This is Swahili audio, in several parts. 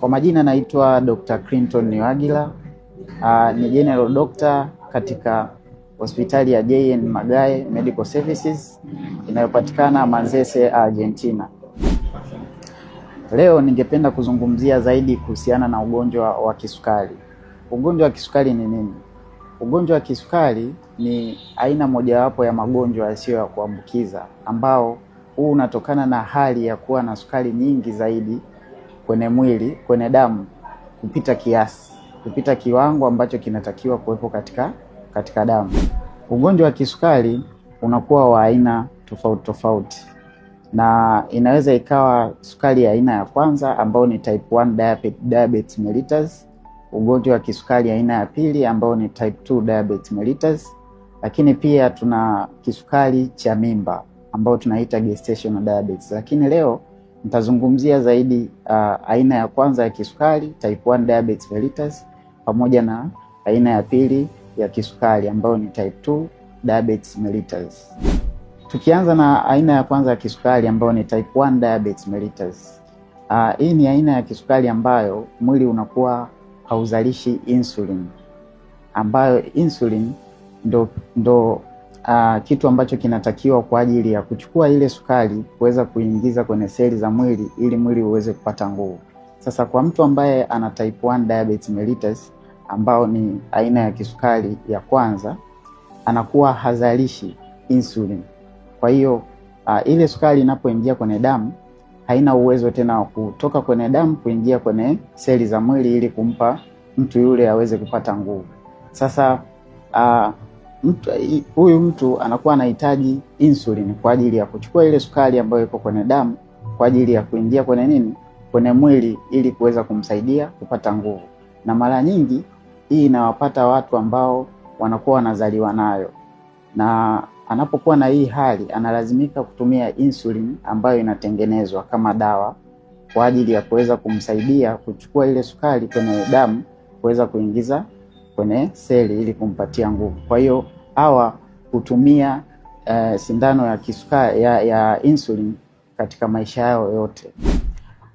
Kwa majina naitwa Dr. Clinton Niwagila. Uh, ah, ni general doctor katika hospitali ya JN Magae Medical Services inayopatikana Manzese, Argentina. Leo ningependa kuzungumzia zaidi kuhusiana na ugonjwa wa kisukari. Ugonjwa wa kisukari ni nini? Ugonjwa wa kisukari ni aina mojawapo ya magonjwa yasiyo ya kuambukiza ambao huu unatokana na hali ya kuwa na sukari nyingi zaidi kwenye mwili, kwenye damu kupita kiasi, kupita kiwango ambacho kinatakiwa kuwepo katika katika damu. Ugonjwa wa kisukari unakuwa wa aina tofauti tofauti, na inaweza ikawa sukari ya aina ya kwanza ambao ni type 1 diabetes, diabetes mellitus, ugonjwa wa kisukari aina ya pili ambao ni type 2 diabetes mellitus, lakini pia tuna kisukari cha mimba ambao tunaita gestational diabetes, lakini leo Nitazungumzia zaidi uh, aina ya kwanza ya kisukari type 1 diabetes mellitus pamoja na aina ya pili ya kisukari ambayo ni type 2 diabetes mellitus. Tukianza na aina ya kwanza ya kisukari ambayo ni type 1 diabetes mellitus. Uh, hii ni aina ya kisukari ambayo mwili unakuwa hauzalishi insulin ambayo insulin ndo, ndo uh, kitu ambacho kinatakiwa kwa ajili ya kuchukua ile sukari kuweza kuingiza kwenye seli za mwili ili mwili uweze kupata nguvu. Sasa kwa mtu ambaye ana type 1 diabetes mellitus ambao ni aina ya kisukari ya kwanza, anakuwa hazalishi insulin. Kwa hiyo uh, ile sukari inapoingia kwenye damu haina uwezo tena wa kutoka kwenye damu kuingia kwenye seli za mwili ili kumpa mtu yule aweze kupata nguvu. Sasa uh, mtu huyu mtu anakuwa anahitaji insulin kwa ajili ya kuchukua ile sukari ambayo iko kwenye damu kwa ajili ya kuingia kwenye nini, kwenye mwili ili kuweza kumsaidia kupata nguvu. Na mara nyingi hii inawapata watu ambao wanakuwa wanazaliwa nayo, na anapokuwa na hii hali analazimika kutumia insulin ambayo inatengenezwa kama dawa kwa ajili ya kuweza kumsaidia kuchukua ile sukari kwenye damu kuweza kuingiza kwenye seli ili kumpatia nguvu. Kwa hiyo hawa hutumia uh, sindano ya kisukari, ya, ya insulin katika maisha yao yote.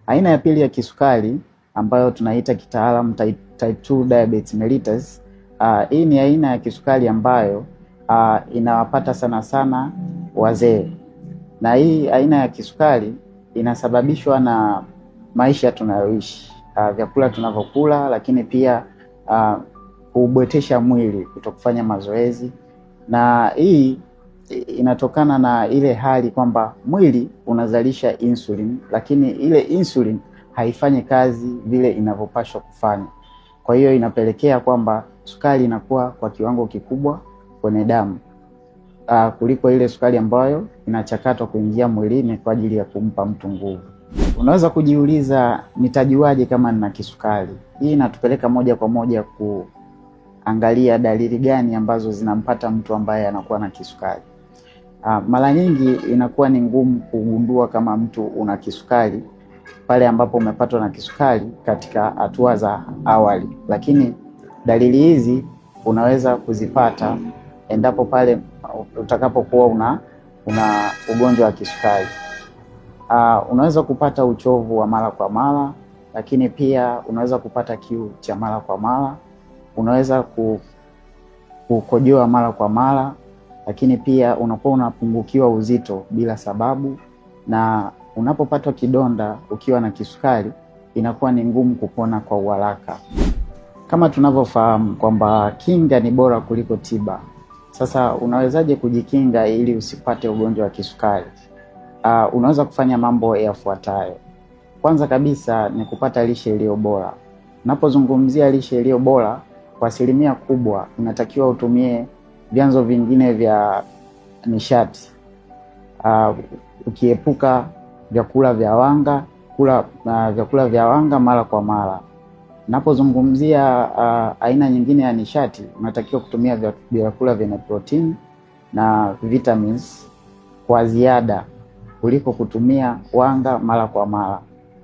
Aina ya pili ya kisukari ambayo tunaita kitaalamu type, 2 diabetes mellitus uh, hii ni aina ya kisukari ambayo uh, inawapata sana sana wazee, na hii aina ya kisukari inasababishwa na maisha tunayoishi, uh, vyakula tunavyokula, lakini pia uh, kubwetesha mwili, kutokufanya mazoezi, na hii inatokana na ile hali kwamba mwili unazalisha insulin, lakini ile insulin haifanyi kazi vile inavyopaswa kufanya. Kwa hiyo inapelekea kwamba sukari inakuwa kwa kiwango kikubwa kwenye damu uh, kuliko ile sukari ambayo inachakatwa kuingia mwilini kwa ajili ya kumpa mtu nguvu. Unaweza kujiuliza nitajuaje kama nina kisukari? Hii inatupeleka moja kwa moja ku angalia dalili gani ambazo zinampata mtu ambaye anakuwa na kisukari. Ah, mara nyingi inakuwa ni ngumu kugundua kama mtu una kisukari pale ambapo umepatwa na kisukari katika hatua za awali, lakini dalili hizi unaweza kuzipata endapo pale utakapokuwa una una ugonjwa wa kisukari. Uh, unaweza kupata uchovu wa mara kwa mara, lakini pia unaweza kupata kiu cha mara kwa mara unaweza kukojoa mara kwa mara, lakini pia unakuwa unapungukiwa uzito bila sababu, na unapopatwa kidonda ukiwa na kisukari inakuwa ni ngumu kupona kwa uharaka. Kama tunavyofahamu kwamba kinga ni bora kuliko tiba. Sasa unawezaje kujikinga ili usipate ugonjwa wa kisukari? Uh, unaweza kufanya mambo yafuatayo. Kwanza kabisa ni kupata lishe iliyo bora. Unapozungumzia lishe iliyo bora, kwa asilimia kubwa unatakiwa utumie vyanzo vingine vya nishati uh, ukiepuka vyakula vya wanga kula uh, vyakula vya wanga mara kwa mara. Napozungumzia uh, aina nyingine ya nishati, unatakiwa kutumia vyakula vyenye protein na vitamins kwa ziada kuliko kutumia wanga mara kwa mara.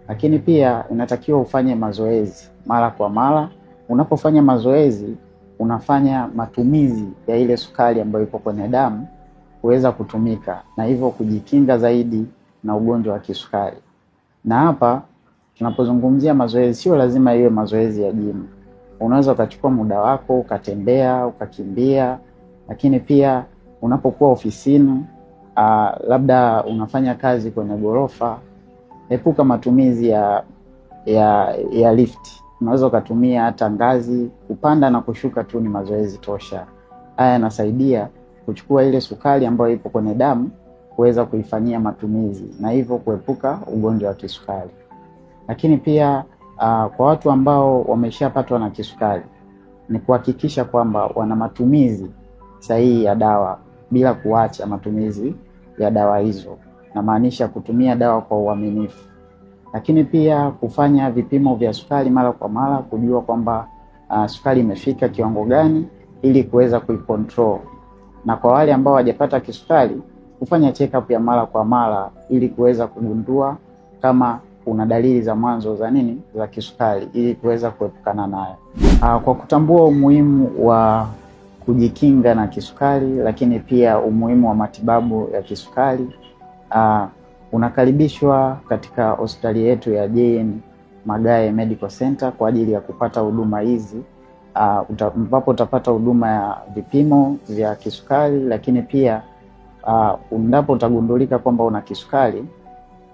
Lakini pia inatakiwa ufanye mazoezi mara kwa mara. Unapofanya mazoezi unafanya matumizi ya ile sukari ambayo ipo kwenye damu kuweza kutumika na hivyo kujikinga zaidi na ugonjwa wa kisukari. Na hapa tunapozungumzia mazoezi, sio lazima iwe mazoezi ya jimu. Unaweza ukachukua muda wako ukatembea, ukakimbia, lakini pia unapokuwa ofisini, ah, labda unafanya kazi kwenye ghorofa, epuka matumizi ya ya, ya lifti unaweza ukatumia hata ngazi, kupanda na kushuka tu ni mazoezi tosha. Haya yanasaidia kuchukua ile sukari ambayo ipo kwenye damu kuweza kuifanyia matumizi na hivyo kuepuka ugonjwa wa kisukari. Lakini pia uh, kwa watu ambao wameshapatwa na kisukari ni kuhakikisha kwamba wana matumizi sahihi ya dawa bila kuacha matumizi ya dawa hizo, namaanisha kutumia dawa kwa uaminifu lakini pia kufanya vipimo vya sukari mara kwa mara, kujua kwamba uh, sukari imefika kiwango gani ili kuweza kuikontrol, na kwa wale ambao hawajapata kisukari kufanya check up ya mara kwa mara ili kuweza kugundua kama kuna dalili za mwanzo za nini za kisukari ili kuweza kuepukana nayo. Uh, kwa kutambua umuhimu wa kujikinga na kisukari, lakini pia umuhimu wa matibabu ya kisukari uh, Unakaribishwa katika hospitali yetu ya JN Magae Medical Center kwa ajili ya kupata huduma hizi uh, ambapo uh, utapata huduma ya vipimo vya kisukari, lakini pia uh, endapo uh, utagundulika kwamba una kisukari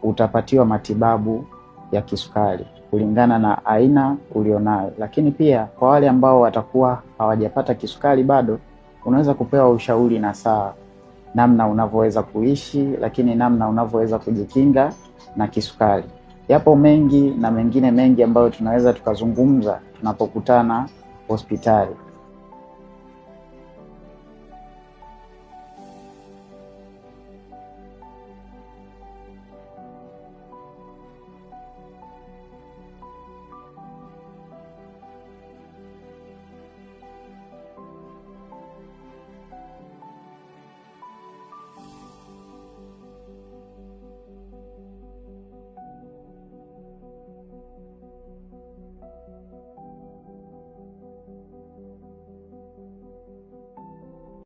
utapatiwa matibabu ya kisukari kulingana na aina ulionayo. Lakini pia kwa wale ambao watakuwa hawajapata kisukari bado, unaweza kupewa ushauri na saa namna unavyoweza kuishi, lakini namna unavyoweza kujikinga na kisukari. Yapo mengi na mengine mengi ambayo tunaweza tukazungumza tunapokutana hospitali.